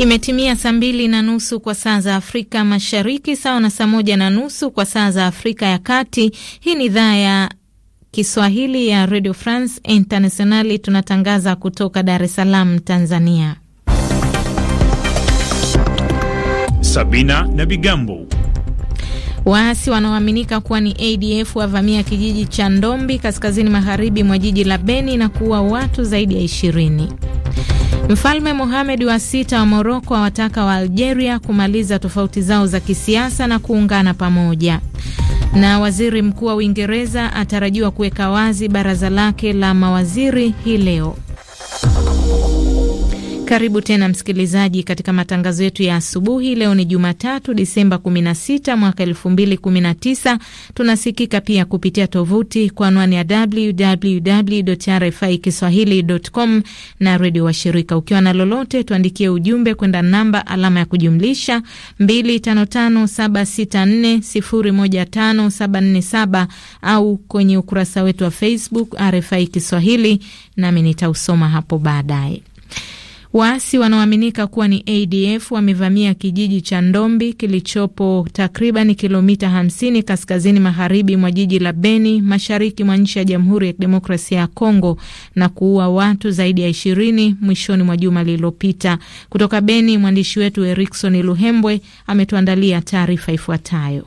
Imetimia saa mbili na nusu kwa saa za Afrika Mashariki, sawa na saa moja na nusu kwa saa za Afrika ya Kati. Hii ni idhaa ya Kiswahili ya Radio France Internationali, tunatangaza kutoka Dar es Salaam, Tanzania. Sabina na Bigambo. Waasi wanaoaminika kuwa ni ADF wavamia kijiji cha Ndombi kaskazini magharibi mwa jiji la Beni na kuua watu zaidi ya ishirini. Mfalme Mohamed wa sita wa Moroko awataka wa Algeria kumaliza tofauti zao za kisiasa na kuungana pamoja. Na waziri mkuu wa Uingereza atarajiwa kuweka wazi baraza lake la mawaziri hii leo. Karibu tena msikilizaji, katika matangazo yetu ya asubuhi. Leo ni Jumatatu, Disemba 16 mwaka 2019. Tunasikika pia kupitia tovuti kwa anwani ya www RFI kiswahilicom na redio washirika. Ukiwa na lolote, tuandikie ujumbe kwenda namba alama ya kujumlisha 255764015747 au kwenye ukurasa wetu wa Facebook RFI Kiswahili, nami nitausoma hapo baadaye. Waasi wanaoaminika kuwa ni ADF wamevamia kijiji cha Ndombi kilichopo takriban kilomita 50 kaskazini magharibi mwa jiji la Beni, mashariki mwa nchi ya Jamhuri ya Kidemokrasia ya Kongo na kuua watu zaidi ya 20 mwishoni mwa juma lililopita. Kutoka Beni, mwandishi wetu Erikson Luhembwe ametuandalia taarifa ifuatayo.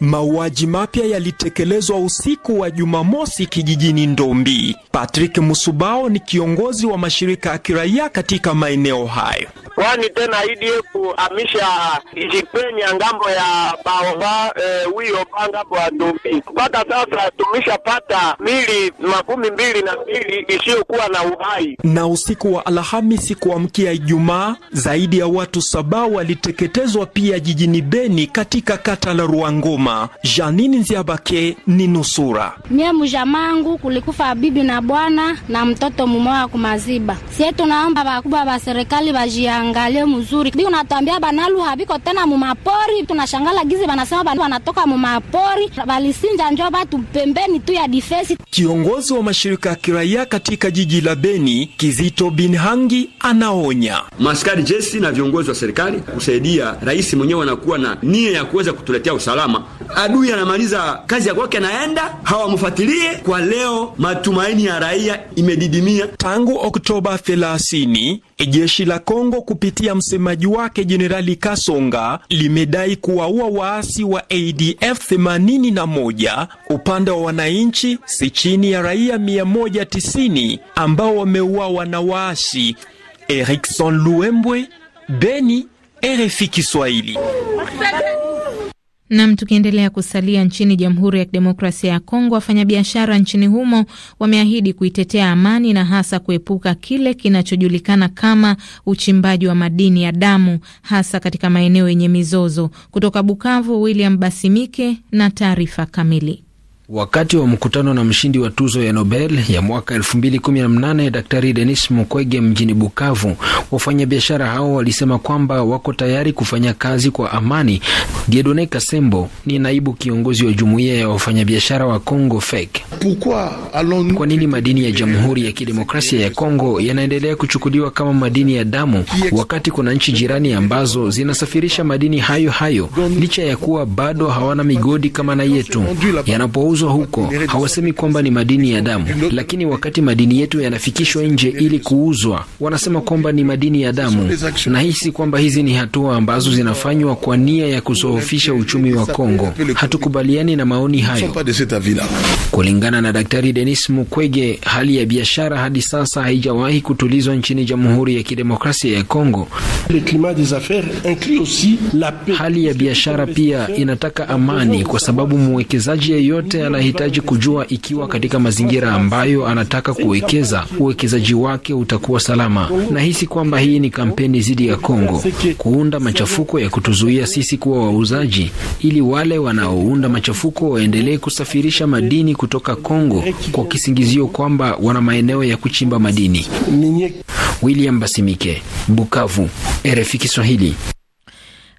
Mauaji mapya yalitekelezwa usiku wa Jumamosi kijijini Ndombi. Patrick Musubao ni kiongozi wa mashirika ya kiraia katika maeneo hayo. Kwani tena IDF amisha ijipenya ngambo ya baoba eh, huyo e, pangapo ya Ndombi mpaka sasa tumeshapata mili makumi mbili na mbili isiyokuwa na uhai. Na usiku wa Alhamisi kuamkia Ijumaa, zaidi ya watu saba waliteketezwa pia jijini Beni katika kata la Ruangoma. Goma. Janini Nziabake ni nusura. Mie mujamangu kulikufa bibi na bwana na mtoto mumoya kumaziba. Sie tunaomba bakubwa ba serikali bajiangalie mzuri. Bi unatwambia banalu habiko tena mumapori, tunashangala gizi banasema banu wanatoka mumapori, balisinja njo batu pembeni tu ya difesi. Kiongozi wa mashirika ya kiraia katika jiji la Beni, Kizito Binhangi anaonya maskari jesi na viongozi wa serikali kusaidia rais mwenyewe anakuwa na nia ya kuweza kutuletea usalama adui anamaliza kazi ya kwake, anaenda hawamfuatilie. Kwa leo matumaini ya raia imedidimia. Tangu Oktoba 30 jeshi la Kongo kupitia msemaji wake Jenerali Kasonga limedai kuwaua waasi wa ADF 81 upande wa wananchi si chini ya raia 190 ambao wameuawa na waasi. Erikson Luembwe, Beni, RFI Kiswahili. Nam, tukiendelea kusalia nchini Jamhuri ya Kidemokrasia ya Kongo, wafanyabiashara nchini humo wameahidi kuitetea amani na hasa kuepuka kile kinachojulikana kama uchimbaji wa madini ya damu, hasa katika maeneo yenye mizozo. Kutoka Bukavu, William Basimike na taarifa kamili. Wakati wa mkutano na mshindi wa tuzo ya Nobel ya mwaka 2018 Daktari Denis Mukwege mjini Bukavu, wafanyabiashara hao walisema kwamba wako tayari kufanya kazi kwa amani. Diedone Kasembo ni naibu kiongozi wa jumuiya ya wafanyabiashara wa Congo FEC. Kwa nini madini ya Jamhuri ya Kidemokrasia ya Kongo yanaendelea kuchukuliwa kama madini ya damu wakati kuna nchi jirani ambazo zinasafirisha madini hayo hayo licha ya kuwa bado hawana migodi kama na yetu yanapo yanayouzwa huko hawasemi kwamba ni madini ya damu, lakini wakati madini yetu yanafikishwa nje ili kuuzwa, wanasema kwamba ni madini ya damu. Nahisi kwamba hizi ni hatua ambazo zinafanywa kwa nia ya kusohofisha uchumi wa Kongo. Hatukubaliani na maoni hayo. Kulingana na Daktari Denis Mukwege, hali ya biashara hadi sasa haijawahi kutulizwa nchini Jamhuri ya Kidemokrasia ya Kongo. Hali ya biashara pia inataka amani, kwa sababu mwekezaji yeyote anahitaji kujua ikiwa katika mazingira ambayo anataka kuwekeza uwekezaji wake utakuwa salama. Nahisi kwamba hii ni kampeni dhidi ya Kongo kuunda machafuko ya kutuzuia sisi kuwa wauzaji, ili wale wanaounda machafuko waendelee kusafirisha madini kutoka Kongo kwa kisingizio kwamba wana maeneo ya kuchimba madini. William Basimike, Bukavu, RFI Kiswahili.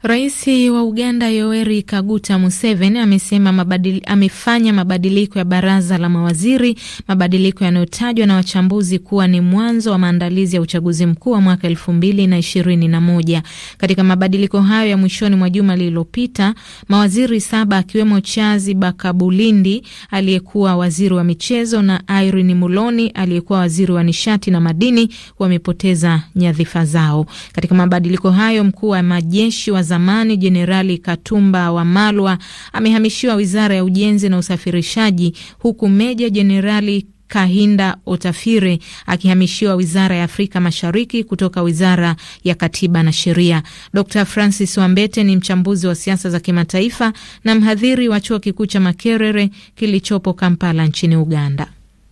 Rais wa Uganda Yoweri Kaguta Museveni amesema mabadili, amefanya mabadiliko ya baraza la mawaziri, mabadiliko yanayotajwa na wachambuzi kuwa ni mwanzo wa maandalizi ya uchaguzi mkuu wa mwaka elfu mbili na ishirini na moja. Katika mabadiliko hayo ya mwishoni mwa juma lililopita, mawaziri saba akiwemo Chazi Bakabulindi aliyekuwa waziri wa michezo na Irene Muloni aliyekuwa waziri wa nishati na madini wamepoteza nyadhifa zao. Katika mabadiliko hayo mkuu wa majeshi wa zamani Jenerali Katumba wa malwa amehamishiwa wizara ya ujenzi na usafirishaji huku Meja Jenerali Kahinda Otafire akihamishiwa wizara ya Afrika Mashariki kutoka wizara ya katiba na sheria. Dr Francis Wambete ni mchambuzi wa siasa za kimataifa na mhadhiri wa chuo kikuu cha Makerere kilichopo Kampala nchini Uganda.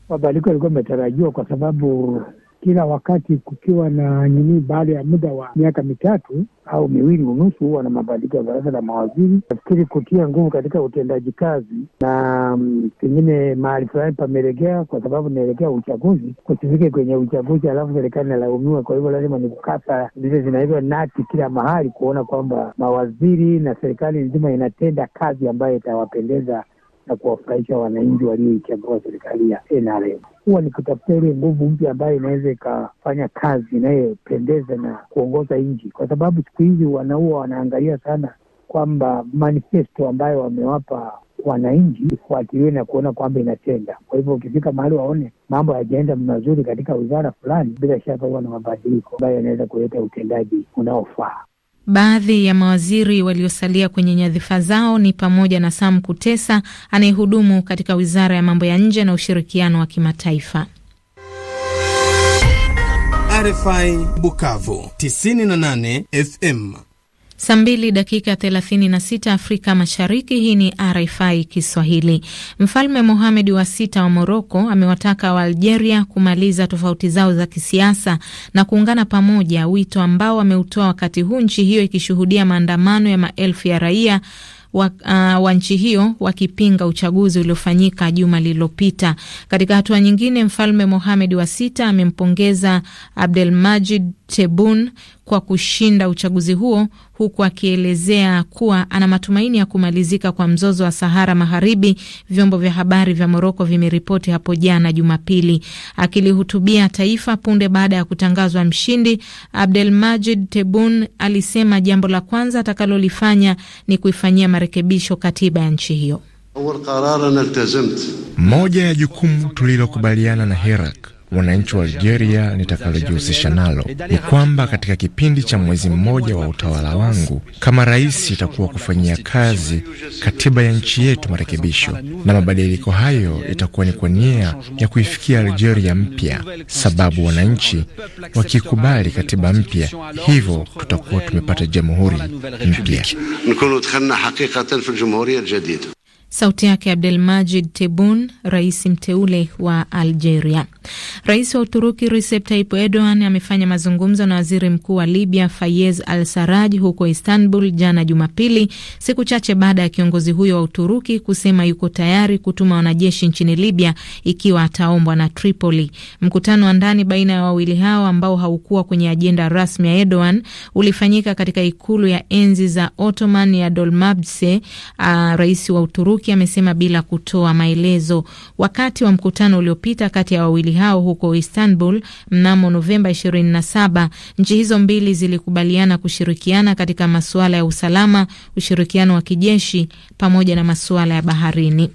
Mabadiliko yalikuwa yametarajiwa kwa sababu kila wakati kukiwa na nini, baada ya muda wa miaka mitatu au miwili unusu huwa na mabadiliko ya baraza la mawaziri. Nafikiri kutia nguvu katika utendaji kazi na mm, pengine mahali fulani pamelegea, kwa sababu inaelekea uchaguzi, kusifike kwenye uchaguzi alafu serikali inalaumiwa. Kwa hivyo lazima ni kukasa zile zinaitwa nati kila mahali, kuona kwamba mawaziri na serikali nzima inatenda kazi ambayo itawapendeza na kuwafurahisha wananchi walioichagua serikali ya NRM. Huwa ni kutafuta ile nguvu mpya ambayo inaweza ikafanya kazi inayopendeza na kuongoza nchi, kwa sababu siku hizi wanaua wanaangalia sana kwamba manifesto ambayo wamewapa wananchi ifuatiliwe na kuona kwamba inatenda. Kwa hivyo ukifika mahali waone mambo yajaenda mazuri katika wizara fulani, bila shaka huwa na mabadiliko ambayo yanaweza kuleta utendaji unaofaa. Baadhi ya mawaziri waliosalia kwenye nyadhifa zao ni pamoja na Sam Kutesa anayehudumu katika wizara ya mambo ya nje na ushirikiano wa kimataifa. RFI Bukavu 98 FM Saa mbili dakika 36 Afrika Mashariki. Hii ni RFI Kiswahili. Mfalme Mohamed wa Sita wa Moroko amewataka Waalgeria kumaliza tofauti zao za kisiasa na kuungana pamoja, wito ambao ameutoa wakati huu nchi hiyo ikishuhudia maandamano ya maelfu ya raia wa, uh, wa nchi hiyo wakipinga uchaguzi uliofanyika juma lililopita. Katika hatua nyingine, Mfalme Mohamed wa Sita amempongeza Abdelmajid Tebun kwa kushinda uchaguzi huo huku akielezea kuwa ana matumaini ya kumalizika kwa mzozo wa Sahara Magharibi, vyombo vya habari vya Moroko vimeripoti hapo jana Jumapili. Akilihutubia taifa punde baada ya kutangazwa mshindi, majid tebun alisema jambo la kwanza atakalolifanya ni kuifanyia marekebisho katiba ya nchi hiyo. Moja ya jukumu tulilokubaliana na Herak wananchi wa Algeria nitakalojihusisha nalo ni kwamba katika kipindi cha mwezi mmoja wa utawala wangu kama rais, itakuwa kufanyia kazi katiba ya nchi yetu marekebisho, na mabadiliko hayo itakuwa ni kwa nia ya kuifikia Algeria mpya, sababu wananchi wakikubali katiba mpya, hivyo tutakuwa tumepata jamhuri mpya. Sauti yake Abdelmajid Tebun, rais mteule wa Algeria. Rais wa Uturuki Recep Tayyip Erdogan amefanya mazungumzo na waziri mkuu wa Libya Fayez Al Saraj huko Istanbul jana Jumapili, siku chache baada ya kiongozi huyo wa Uturuki kusema yuko tayari kutuma wanajeshi nchini Libya ikiwa ataombwa na Tripoli. Mkutano wa ndani baina ya wawili hao ambao haukuwa kwenye ajenda rasmi ya Erdogan ulifanyika katika ikulu ya enzi za Ottoman ya Dolmabahce. Uh, rais wa Uturuki amesema bila kutoa maelezo wakati wa mkutano uliopita kati ya wawili wawili hao huko Istanbul mnamo Novemba 27. Nchi hizo mbili zilikubaliana kushirikiana katika masuala ya usalama, ushirikiano wa kijeshi pamoja na masuala ya baharini.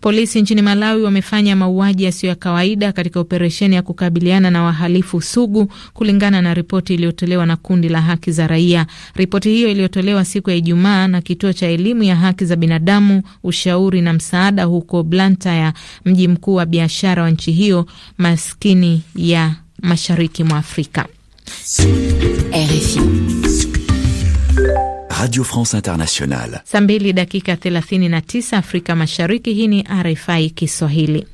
Polisi nchini Malawi wamefanya mauaji yasiyo ya kawaida katika operesheni ya kukabiliana na wahalifu sugu, kulingana na ripoti iliyotolewa na kundi la haki za raia. Ripoti hiyo iliyotolewa siku ya Ijumaa na kituo cha elimu ya haki za binadamu, ushauri na msaada huko Blantyre, mji mkuu wa biashara wa nchi hiyo maskini ya mashariki mwa Afrika. RFI. Radio France Internationale. Saa mbili dakika 39 Afrika Mashariki. Hii ni RFI Kiswahili.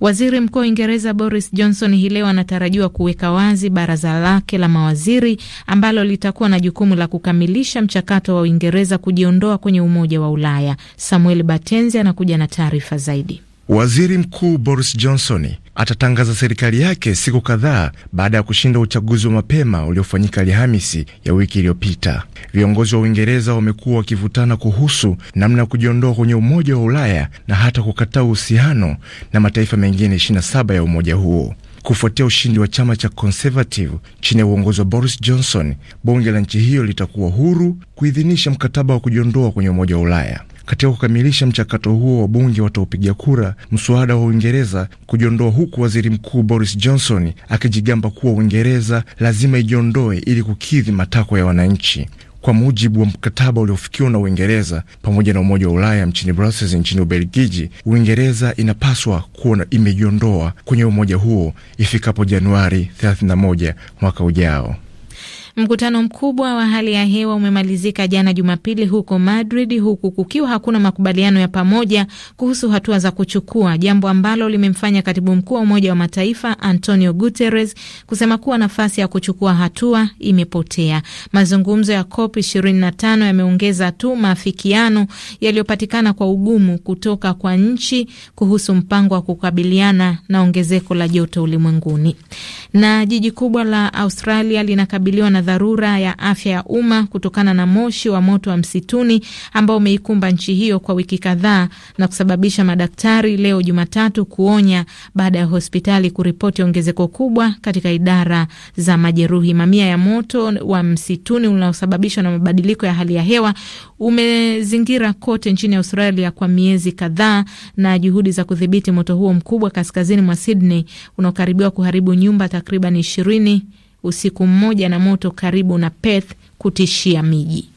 Waziri Mkuu wa Uingereza Boris Johnson hii leo anatarajiwa kuweka wazi baraza lake la mawaziri ambalo litakuwa na jukumu la kukamilisha mchakato wa Uingereza kujiondoa kwenye Umoja wa Ulaya. Samuel Batenzi anakuja na taarifa zaidi. Waziri Mkuu Boris Johnson atatangaza serikali yake siku kadhaa baada ya kushinda uchaguzi wa mapema uliofanyika Alhamisi ya wiki iliyopita. Viongozi wa Uingereza wamekuwa wakivutana kuhusu namna ya kujiondoa kwenye Umoja wa Ulaya na hata kukataa uhusiano na mataifa mengine 27 ya umoja huo kufuatia ushindi wa chama cha Conservative chini ya uongozi wa Boris Johnson. Bunge la nchi hiyo litakuwa huru kuidhinisha mkataba wa kujiondoa kwenye Umoja wa Ulaya. Katika kukamilisha mchakato huo, wabunge wataupiga kura mswada wa Uingereza kujiondoa, huku waziri mkuu Boris Johnson akijigamba kuwa Uingereza lazima ijiondoe ili kukidhi matakwa ya wananchi kwa mujibu wa mkataba uliofikiwa na Uingereza pamoja na Umoja wa Ulaya mchini Brussels nchini Ubelgiji, Uingereza inapaswa kuwa imejiondoa kwenye umoja huo ifikapo Januari 31 mwaka ujao. Mkutano mkubwa wa hali ya hewa umemalizika jana Jumapili huko Madrid, huku kukiwa hakuna makubaliano ya pamoja kuhusu hatua za kuchukua, jambo ambalo limemfanya katibu mkuu wa Umoja wa Mataifa Antonio Guterres kusema kuwa nafasi ya kuchukua hatua imepotea. Mazungumzo ya COP 25 yameongeza tu maafikiano yaliyopatikana kwa ugumu kutoka kwa nchi kuhusu mpango wa kukabiliana na ongezeko la joto ulimwenguni. Na jiji kubwa la Australia linakabiliwa na dharura ya afya ya umma kutokana na moshi wa moto wa msituni ambao umeikumba nchi hiyo kwa wiki kadhaa na kusababisha madaktari leo Jumatatu kuonya baada ya hospitali kuripoti ongezeko kubwa katika idara za majeruhi. Mamia ya moto wa msituni unaosababishwa na mabadiliko ya hali ya hewa umezingira kote nchini Australia kwa miezi kadhaa, na juhudi za kudhibiti moto huo mkubwa kaskazini mwa Sydney unaokaribiwa kuharibu nyumba takriban ishirini usiku mmoja na moto karibu na Perth kutishia miji.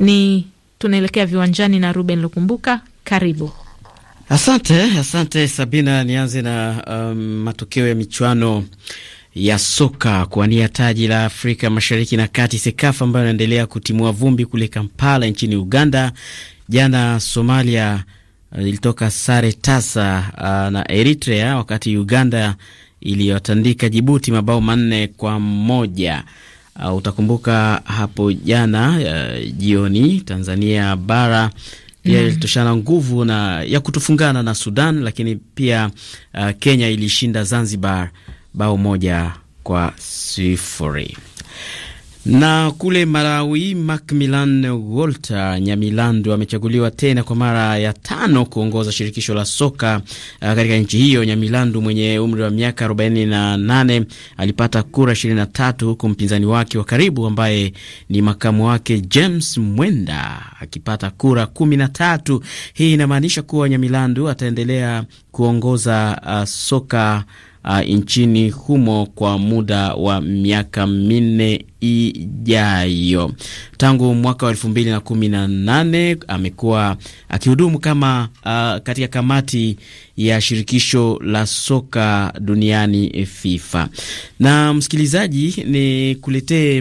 Ni tunaelekea viwanjani na Ruben Lukumbuka, karibu. Asante, asante Sabina. Nianze na um, matokeo ya michuano ya soka kuwania taji la Afrika Mashariki na Kati, SEKAFA, ambayo inaendelea kutimua vumbi kule Kampala nchini Uganda. Jana Somalia Uh, ilitoka sare tasa uh, na Eritrea, wakati Uganda iliyotandika Jibuti mabao manne kwa moja. Uh, utakumbuka hapo jana uh, jioni Tanzania bara pia mm, ilitoshana nguvu na ya kutofungana na Sudan, lakini pia uh, Kenya ilishinda Zanzibar bao moja kwa sifuri. Na kule Malawi, Macmillan Walter Nyamilandu amechaguliwa tena kwa mara ya tano kuongoza shirikisho la soka uh, katika nchi hiyo. Nyamilandu mwenye umri wa miaka 48 alipata kura 23 huku mpinzani wake wa karibu ambaye ni makamu wake James Mwenda akipata kura 13. Hii inamaanisha kuwa Nyamilandu ataendelea kuongoza uh, soka uh, nchini humo kwa muda wa miaka minne ijayo. Tangu mwaka wa elfu mbili na kumi na nane amekuwa akihudumu kama uh, katika kamati ya shirikisho la soka duniani FIFA. Na msikilizaji, ni kuletee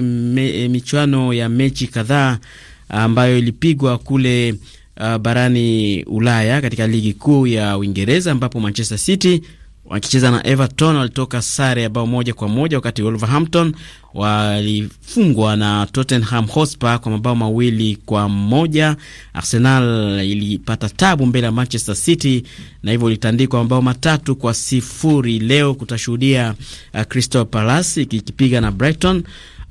michuano ya mechi kadhaa ambayo ilipigwa kule uh, barani Ulaya katika ligi kuu ya Uingereza ambapo Manchester City wakicheza na Everton walitoka sare ya bao moja kwa moja, wakati Wolverhampton walifungwa na Tottenham Hotspur kwa mabao mawili kwa moja. Arsenal ilipata tabu mbele ya Manchester City na hivyo ilitandikwa mabao matatu kwa sifuri. Leo kutashuhudia uh, Crystal Palace ikipiga na Brighton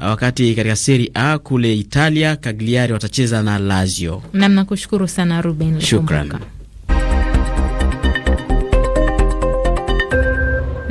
uh, wakati katika Seri A kule Italia Kagliari watacheza na Lazio. kushukuru sana Ruben, shukran.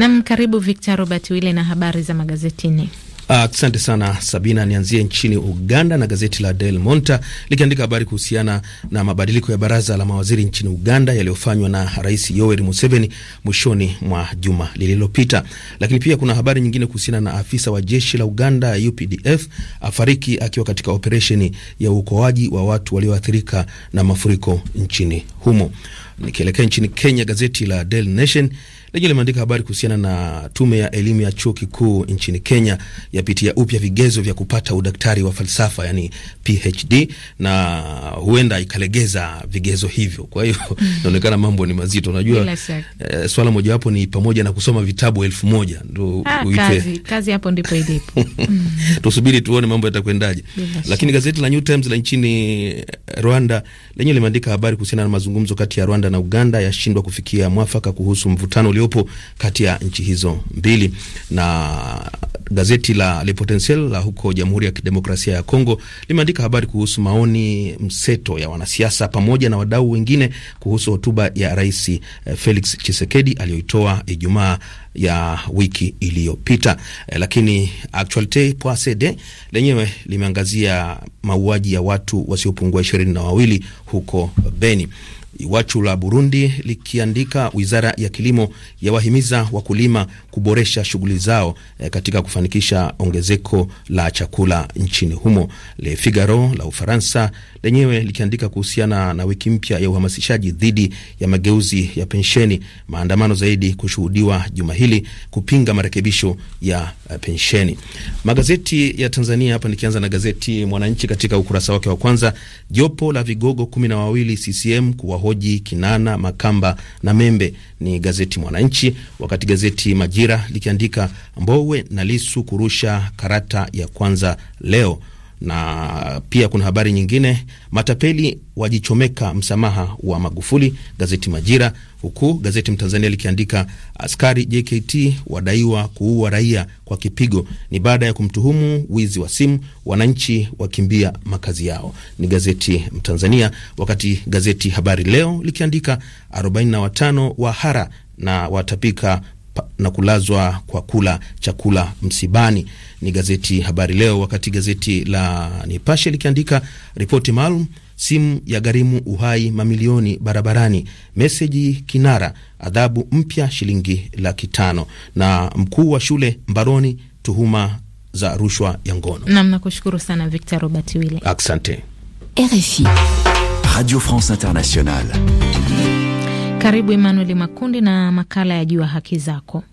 Nam, karibu Victor Robert Wile na habari za magazetini. Ah, asante uh, sana Sabina. Nianzie nchini Uganda na gazeti la Del Monta likiandika habari kuhusiana na mabadiliko ya baraza la mawaziri nchini Uganda yaliyofanywa na Rais Yoweri Museveni mwishoni mwa juma lililopita. Lakini pia kuna habari nyingine kuhusiana na afisa wa jeshi la Uganda UPDF afariki akiwa katika operesheni ya uokoaji wa watu walioathirika na mafuriko nchini humo. Nikielekea nchini Kenya, gazeti la Del Nation Daily limeandika habari kuhusiana na tume ya elimu ya chuo kikuu nchini Kenya yapitia upya vigezo vya kupata udaktari wa falsafa, yani PhD, na huenda ikalegeza vigezo hivyo. Kwa hiyo hmm. inaonekana mambo ni mazito. Unajua eh, swala mojawapo ni pamoja na kusoma vitabu elfu moja ndo ah, kazi, kazi hapo ndipo ilipo. Hmm. Tusubiri tuone mambo yatakwendaje. Lakini gazeti la New Times la nchini eh, Rwanda lenyewe limeandika habari kuhusiana na mazungumzo kati ya Rwanda na Uganda yashindwa kufikia mwafaka kuhusu mvutano uliopo kati ya nchi hizo mbili. Na gazeti la Le Potentiel la huko Jamhuri ya Kidemokrasia ya Kongo limeandika habari kuhusu maoni mseto ya wanasiasa pamoja na wadau wengine kuhusu hotuba ya Rais eh, Felix Tshisekedi aliyoitoa Ijumaa ya wiki iliyopita. Eh, lakini Actualite CD lenyewe limeangazia mauaji ya watu wasiopungua ishirini na wawili huko Beni. Iwachu la Burundi likiandika wizara ya kilimo yawahimiza wakulima kuboresha shughuli zao e, katika kufanikisha ongezeko la chakula nchini humo. Le Figaro la Ufaransa lenyewe likiandika kuhusiana na wiki mpya ya uhamasishaji dhidi ya mageuzi ya pensheni, maandamano zaidi kushuhudiwa juma hili kupinga marekebisho ya uh, pensheni. Magazeti ya Tanzania hapa, nikianza na gazeti Mwananchi, katika ukurasa wake wa kwanza, jopo la vigogo kumi na wawili CCM kuwahoji Oji, Kinana, Makamba na Membe. Ni gazeti Mwananchi, wakati gazeti Majira likiandika Mbowe na Lisu kurusha karata ya kwanza leo na pia kuna habari nyingine, matapeli wajichomeka msamaha wa Magufuli, gazeti Majira, huku gazeti Mtanzania likiandika askari JKT wadaiwa kuua raia kwa kipigo, ni baada ya kumtuhumu wizi wa simu, wananchi wakimbia makazi yao. Ni gazeti Mtanzania, wakati gazeti Habari Leo likiandika 45 wa hara na watapika na kulazwa kwa kula chakula msibani ni gazeti Habari Leo, wakati gazeti la Nipashe likiandika ripoti maalum, simu ya gharimu uhai mamilioni barabarani, meseji kinara, adhabu mpya shilingi laki tano na mkuu wa shule mbaroni, tuhuma za rushwa ya ngono. Nam, nakushukuru sana Victor Robert Wile, asante. RFI Radio France Internationale. Karibu Emmanuel Makundi na makala ya Jua Haki Zako.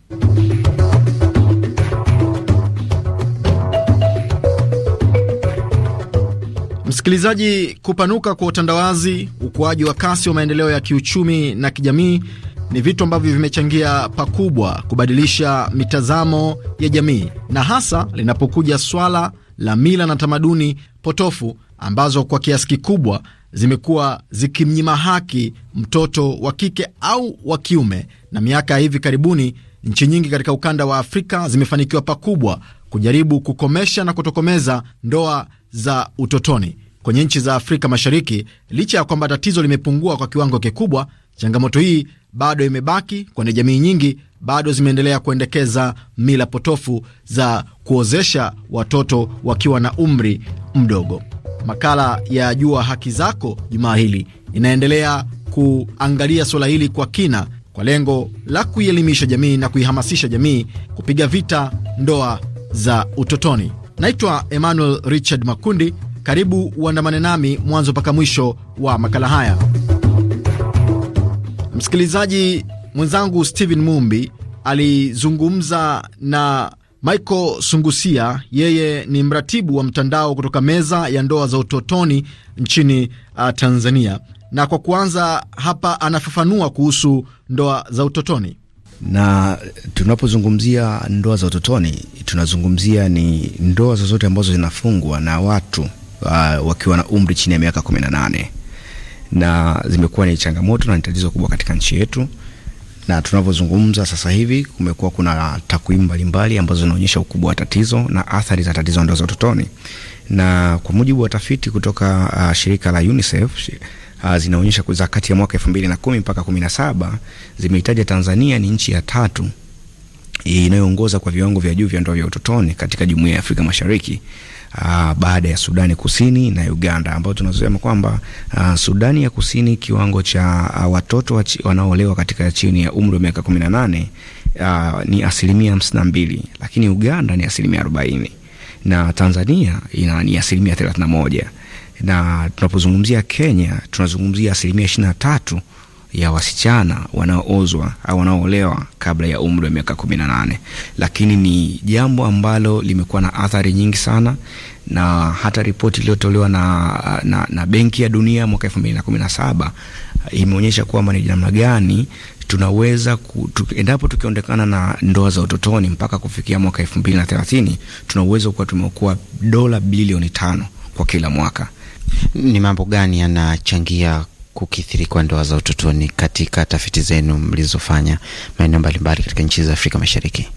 Msikilizaji, kupanuka kwa utandawazi, ukuaji wa kasi wa maendeleo ya kiuchumi na kijamii ni vitu ambavyo vimechangia pakubwa kubadilisha mitazamo ya jamii, na hasa linapokuja swala la mila na tamaduni potofu ambazo kwa kiasi kikubwa zimekuwa zikimnyima haki mtoto wa kike au wa kiume. Na miaka ya hivi karibuni, nchi nyingi katika ukanda wa Afrika zimefanikiwa pakubwa kujaribu kukomesha na kutokomeza ndoa za utotoni kwenye nchi za Afrika Mashariki. Licha ya kwamba tatizo limepungua kwa kiwango kikubwa, changamoto hii bado imebaki, kwani jamii nyingi bado zimeendelea kuendekeza mila potofu za kuozesha watoto wakiwa na umri mdogo. Makala ya Jua Haki Zako jumaa hili inaendelea kuangalia suala hili kwa kina kwa lengo la kuielimisha jamii na kuihamasisha jamii kupiga vita ndoa za utotoni. Naitwa Emmanuel Richard Makundi. Karibu uandamane nami mwanzo mpaka mwisho wa makala haya. Msikilizaji mwenzangu Steven Mumbi alizungumza na Michael Sungusia, yeye ni mratibu wa mtandao kutoka meza ya ndoa za utotoni nchini uh, Tanzania. Na kwa kuanza hapa, anafafanua kuhusu ndoa za utotoni. Na tunapozungumzia ndoa za utotoni, tunazungumzia ni ndoa zozote ambazo zinafungwa na watu uh, wakiwa na umri chini ya miaka 18 na zimekuwa ni changamoto na tatizo kubwa katika nchi yetu, na tunavyozungumza sasa hivi kumekuwa kuna takwimu mbalimbali ambazo zinaonyesha ukubwa wa tatizo na athari za tatizo ndoa za utotoni, na kwa mujibu wa tafiti kutoka uh, shirika la UNICEF shi, uh, zinaonyesha za kati ya mwaka 2010 mpaka 17 zimeitaja Tanzania ni nchi ya tatu inayoongoza kwa viwango vya juu vya ndoa vya utotoni katika Jumuiya ya Afrika Mashariki uh, baada ya Sudani Kusini na Uganda, ambayo tunasema kwamba uh, Sudani ya Kusini kiwango cha uh, watoto wanaoolewa katika chini ya umri wa miaka 18 uh, ni asilimia hamsini mbili, lakini Uganda ni asilimia arobaini na Tanzania ina ni asilimia 31 na moja na tunapozungumzia Kenya tunazungumzia asilimia ishirini na tatu ya wasichana wanaoozwa au wanaoolewa kabla ya umri wa miaka 18, lakini ni jambo ambalo limekuwa na athari nyingi sana, na hata ripoti iliyotolewa na, na, na Benki ya Dunia mwaka 2017 eh, imeonyesha kwamba ni namna gani tunaweza endapo tukiondekana na ndoa za utotoni mpaka kufikia mwaka 2030 tuna uwezo kuwa tumeokoa dola bilioni tano kwa kila mwaka. Ni mambo gani yanachangia kukithiri kwa ndoa za utotoni katika tafiti zenu mlizofanya maeneo mbalimbali katika nchi za Afrika Mashariki?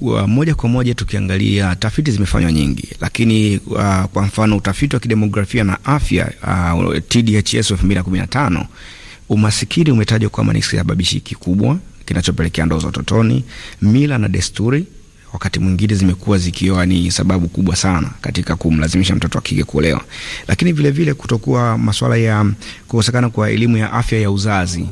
Uh, moja kwa moja tukiangalia tafiti zimefanywa nyingi, lakini uh, kwa mfano utafiti wa kidemografia na afya uh, TDHS 2015 umasikini umetajwa kwamba ni kisababishi kikubwa kinachopelekea ndoa za utotoni. Mila na desturi wakati mwingine zimekuwa zikiwa ni sababu kubwa sana katika kumlazimisha mtoto wa kike kuolewa, lakini vilevile kutokuwa masuala ya kukosekana kwa elimu ya afya ya uzazi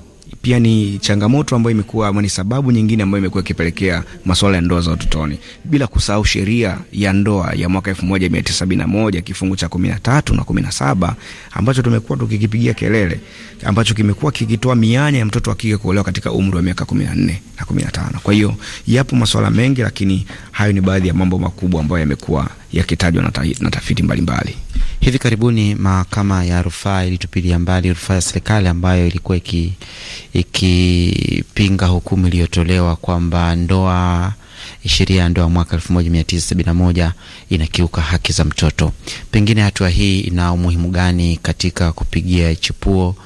pia ni changamoto ambayo imekuwa ama ni sababu nyingine ambayo imekuwa ikipelekea masuala ya ndoa za utotoni, bila kusahau sheria ya ndoa ya mwaka 1971 kifungu cha 13 na 17 ambacho tumekuwa tukikipigia kelele, ambacho kimekuwa kikitoa mianya ya mtoto wa kike kuolewa katika umri wa miaka 14 na 15. Kwa hiyo yapo masuala mengi, lakini hayo ni baadhi ya mambo makubwa ambayo yamekuwa yakitajwa na tafiti mbalimbali mbali. Hivi karibuni mahakama ya rufaa ilitupilia mbali rufaa ya serikali ambayo ilikuwa ikipinga iki hukumu iliyotolewa kwamba ndoa sheria ya ndoa mwaka 1971 inakiuka haki za mtoto. Pengine hatua hii ina umuhimu gani katika kupigia chipuo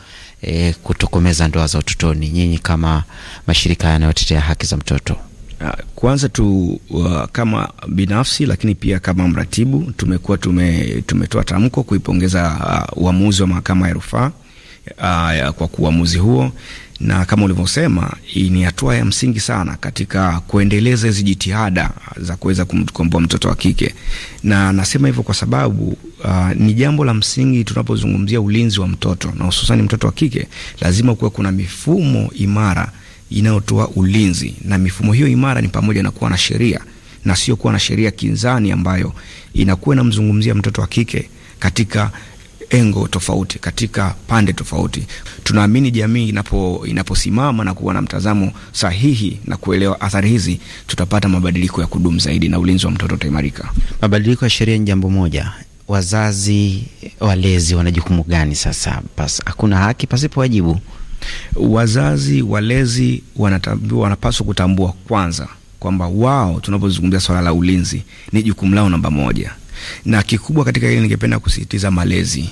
e, kutokomeza ndoa za utotoni, nyinyi kama mashirika yanayotetea haki za mtoto? Ah, kwanza tu uh, kama binafsi lakini pia kama mratibu tumekuwa tume, tumetoa tamko kuipongeza uh, uamuzi uh, wa mahakama ya rufaa uh, kwa kuamuzi huo na kama ulivyosema, hii ni hatua ya msingi sana katika kuendeleza hizi jitihada za kuweza kumkomboa mtoto wa kike, na nasema hivyo kwa sababu uh, ni jambo la msingi tunapozungumzia ulinzi wa mtoto na hususani mtoto wa kike, lazima kuwe kuna mifumo imara inayotoa ulinzi, na mifumo hiyo imara ni pamoja na kuwa na sheria na sio kuwa na sheria kinzani ambayo inakuwa inamzungumzia mtoto wa kike katika engo tofauti, katika pande tofauti. Tunaamini jamii inapo inaposimama na kuwa na mtazamo sahihi na kuelewa athari hizi, tutapata mabadiliko ya kudumu zaidi na ulinzi wa mtoto utaimarika. Mabadiliko ya sheria ni jambo moja, wazazi walezi wana jukumu gani sasa? Pas, hakuna haki pasipo wajibu. Wazazi walezi wanatambua, wanapaswa kutambua kwanza kwamba wao, tunapozungumzia swala la ulinzi, ni jukumu lao namba moja na kikubwa katika hili ningependa kusisitiza malezi.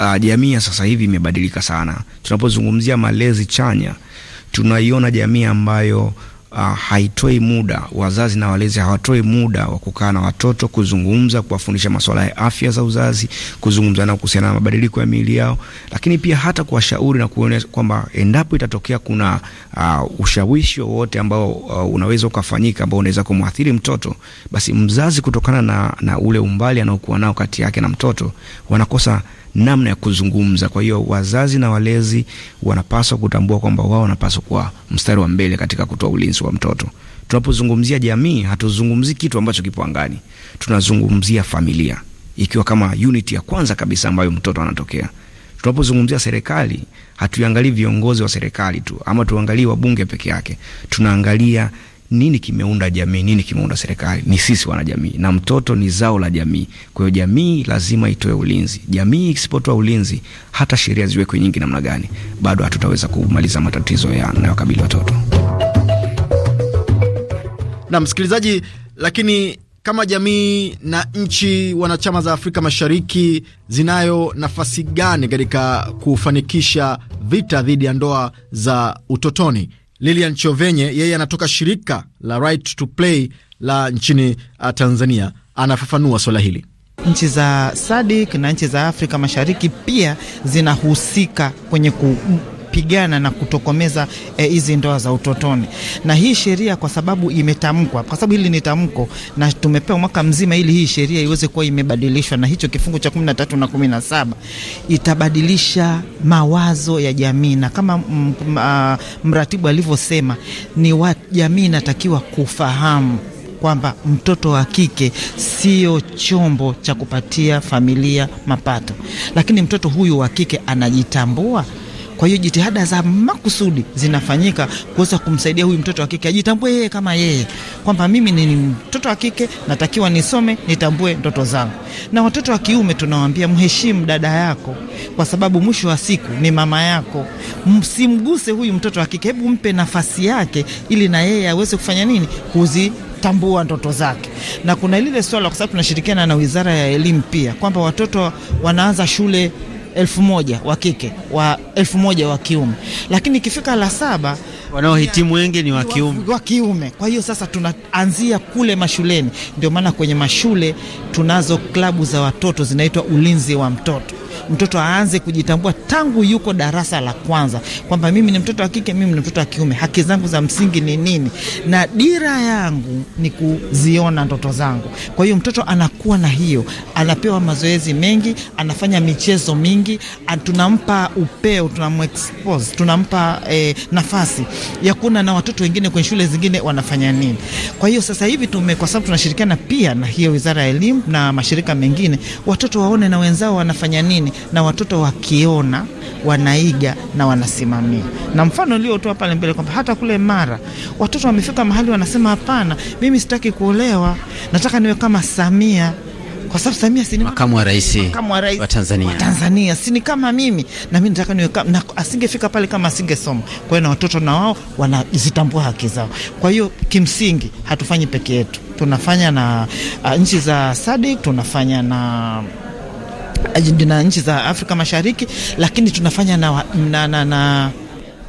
Uh, jamii ya sasa hivi imebadilika sana. Tunapozungumzia malezi chanya, tunaiona jamii ambayo uh, haitoi muda, wazazi na walezi hawatoi muda wa kukaa na watoto, kuzungumza, kuwafundisha masuala ya afya za uzazi, kuzungumza nao kuhusiana na mabadiliko ya miili yao, lakini pia hata kuwashauri na kuonea kwamba endapo itatokea kuna uh, ushawishi wowote ambao uh, unaweza ukafanyika ambao unaweza kumwathiri mtoto, basi mzazi kutokana na, na ule umbali anaokuwa nao kati yake na mtoto wanakosa namna ya kuzungumza. Kwa hiyo wazazi na walezi wanapaswa kutambua kwamba wao wanapaswa kuwa mstari wa mbele katika kutoa ulinzi wa mtoto. Tunapozungumzia jamii, hatuzungumzii kitu ambacho kipo angani, tunazungumzia familia ikiwa kama unit ya kwanza kabisa ambayo mtoto anatokea. Tunapozungumzia serikali, hatuangalii viongozi wa serikali tu ama tuangalii wabunge peke yake, tunaangalia nini kimeunda jamii, nini kimeunda serikali? Ni sisi wanajamii, na mtoto ni zao la jamii. Kwa hiyo jamii lazima itoe ulinzi. Jamii isipotoa ulinzi, hata sheria ziwekwe nyingi namna gani, bado hatutaweza kumaliza matatizo yanayokabili watoto na msikilizaji. Lakini kama jamii na nchi wanachama za Afrika Mashariki zinayo nafasi gani katika kufanikisha vita dhidi ya ndoa za utotoni? Lilian Chovenye, yeye anatoka shirika la Right to Play la nchini uh, Tanzania, anafafanua swala hili. Nchi za SADC na nchi za Afrika Mashariki pia zinahusika kwenye kupigana na kutokomeza eh, hizi e, ndoa za utotoni. Na hii sheria kwa sababu imetamkwa, kwa sababu hili ni tamko, na tumepewa mwaka mzima ili hii sheria iweze kuwa imebadilishwa, na hicho kifungu cha 13 na 17 itabadilisha mawazo ya jamii, na kama m, m, a, mratibu alivyosema, ni wa jamii inatakiwa kufahamu kwamba mtoto wa kike sio chombo cha kupatia familia mapato, lakini mtoto huyu wa kike anajitambua kwa hiyo jitihada za makusudi zinafanyika kuweza kumsaidia huyu mtoto wa kike ajitambue yeye kama yeye, kwamba mimi ni mtoto wa kike, natakiwa nisome, nitambue ndoto zangu. Na watoto wa kiume tunawaambia mheshimu dada yako, kwa sababu mwisho wa siku ni mama yako. Msimguse huyu mtoto wa kike, hebu mpe nafasi yake, ili na yeye aweze kufanya nini, kuzi tambua ndoto zake. Na kuna lile swala, kwa sababu tunashirikiana na Wizara ya Elimu pia, kwamba watoto wanaanza shule elfu moja wa kike wa elfu moja wa kiume, lakini ikifika la saba wanaohitimu wengi ni wa kiume wa kiume. Kwa hiyo sasa tunaanzia kule mashuleni, ndio maana kwenye mashule tunazo klabu za watoto zinaitwa ulinzi wa mtoto mtoto aanze kujitambua tangu yuko darasa la kwanza, kwamba mimi ni mtoto wa kike, mimi ni mtoto wa kiume, haki zangu za msingi ni nini, na dira yangu ni kuziona ndoto zangu. Kwa hiyo mtoto anakuwa na hiyo, anapewa mazoezi mengi, anafanya michezo mingi, tunampa upeo, tunamexpose, tunampa eh, nafasi ya kuna na watoto wengine kwenye shule zingine wanafanya nini. Kwa hiyo sasa hivi tume, kwa sababu tunashirikiana pia na hiyo Wizara ya Elimu na mashirika mengine, watoto waone na wenzao wanafanya nini, na watoto wakiona wanaiga na wanasimamia. Na mfano uliotoa pale mbele kwamba hata kule Mara watoto wamefika mahali wanasema, hapana, mimi sitaki kuolewa, nataka niwe kama Samia kwa sababu Samia si makamu wa rais wa Tanzania, wa Tanzania si ni kama mimi na mimi nataka niwe na, asingefika pale kama asingesoma. Kwa hiyo na watoto na wao wanazitambua haki zao. Kwa hiyo kimsingi hatufanyi peke yetu, tunafanya na uh, nchi za SADC tunafanya na na nchi za Afrika Mashariki, lakini tunafanya na, na, na, na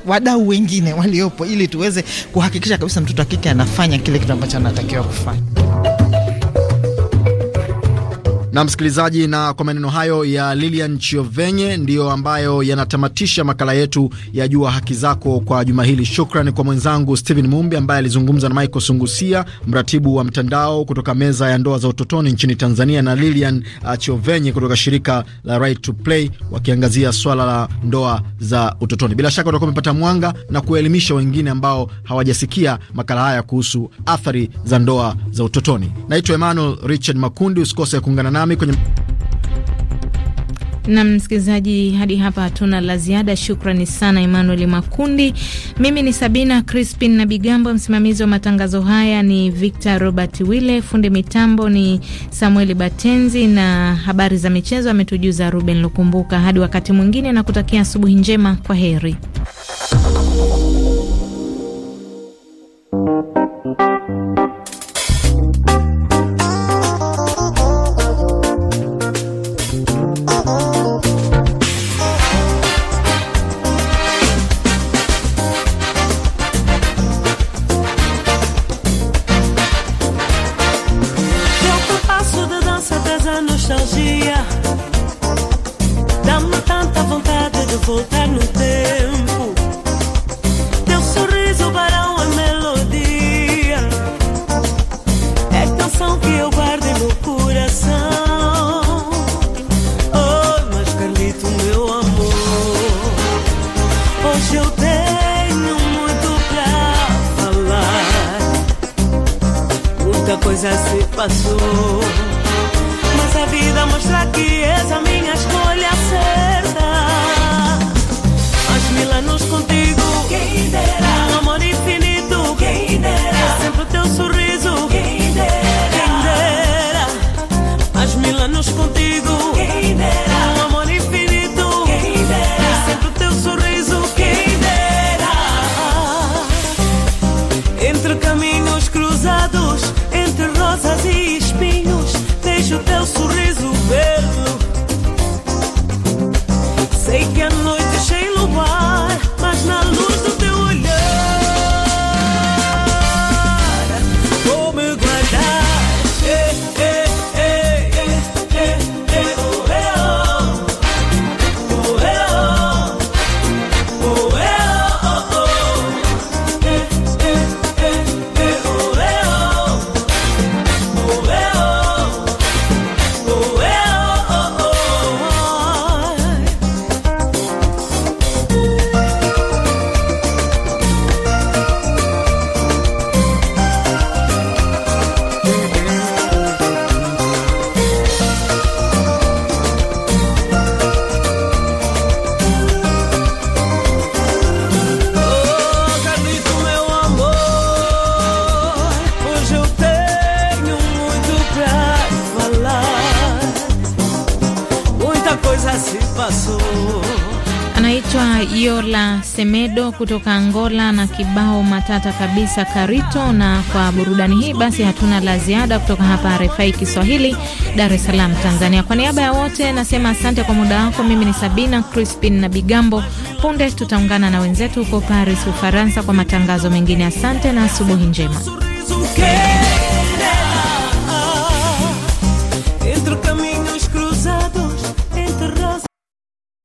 wadau wengine waliopo ili tuweze kuhakikisha kabisa mtoto wa kike anafanya kile kitu ambacho anatakiwa kufanya na msikilizaji, na kwa maneno hayo ya Lilian Chiovenye ndiyo ambayo yanatamatisha makala yetu ya Jua Haki Zako kwa juma hili. Shukrani kwa mwenzangu Stephen Mumbi ambaye alizungumza na Michael Sungusia, mratibu wa mtandao kutoka meza ya ndoa za utotoni nchini Tanzania, na Lilian uh, Chiovenye kutoka shirika la Right to Play wakiangazia swala la ndoa za utotoni. Bila shaka utakuwa umepata mwanga na kuelimisha wengine ambao hawajasikia makala haya kuhusu athari za ndoa za utotoni. Naitwa Emmanuel Richard Makundi, usikose kuungana na nami kwenye na msikilizaji, hadi hapa hatuna la ziada. Shukrani sana Emmanuel Makundi. Mimi ni Sabina Crispin na Bigambo, msimamizi wa matangazo haya ni Victor Robert Wille, fundi mitambo ni Samuel Batenzi, na habari za michezo ametujuza Ruben Lukumbuka. Hadi wakati mwingine, na kutakia asubuhi njema, kwa heri. Semedo kutoka Angola na kibao matata kabisa Karito. Na kwa burudani hii basi, hatuna la ziada kutoka hapa RFI Kiswahili, Dar es Salaam, Tanzania. Kwa niaba ya wote nasema asante kwa muda wako. Mimi ni Sabina Crispin na Bigambo. Punde tutaungana na wenzetu huko Paris, Ufaransa, kwa matangazo mengine. Asante na asubuhi njema.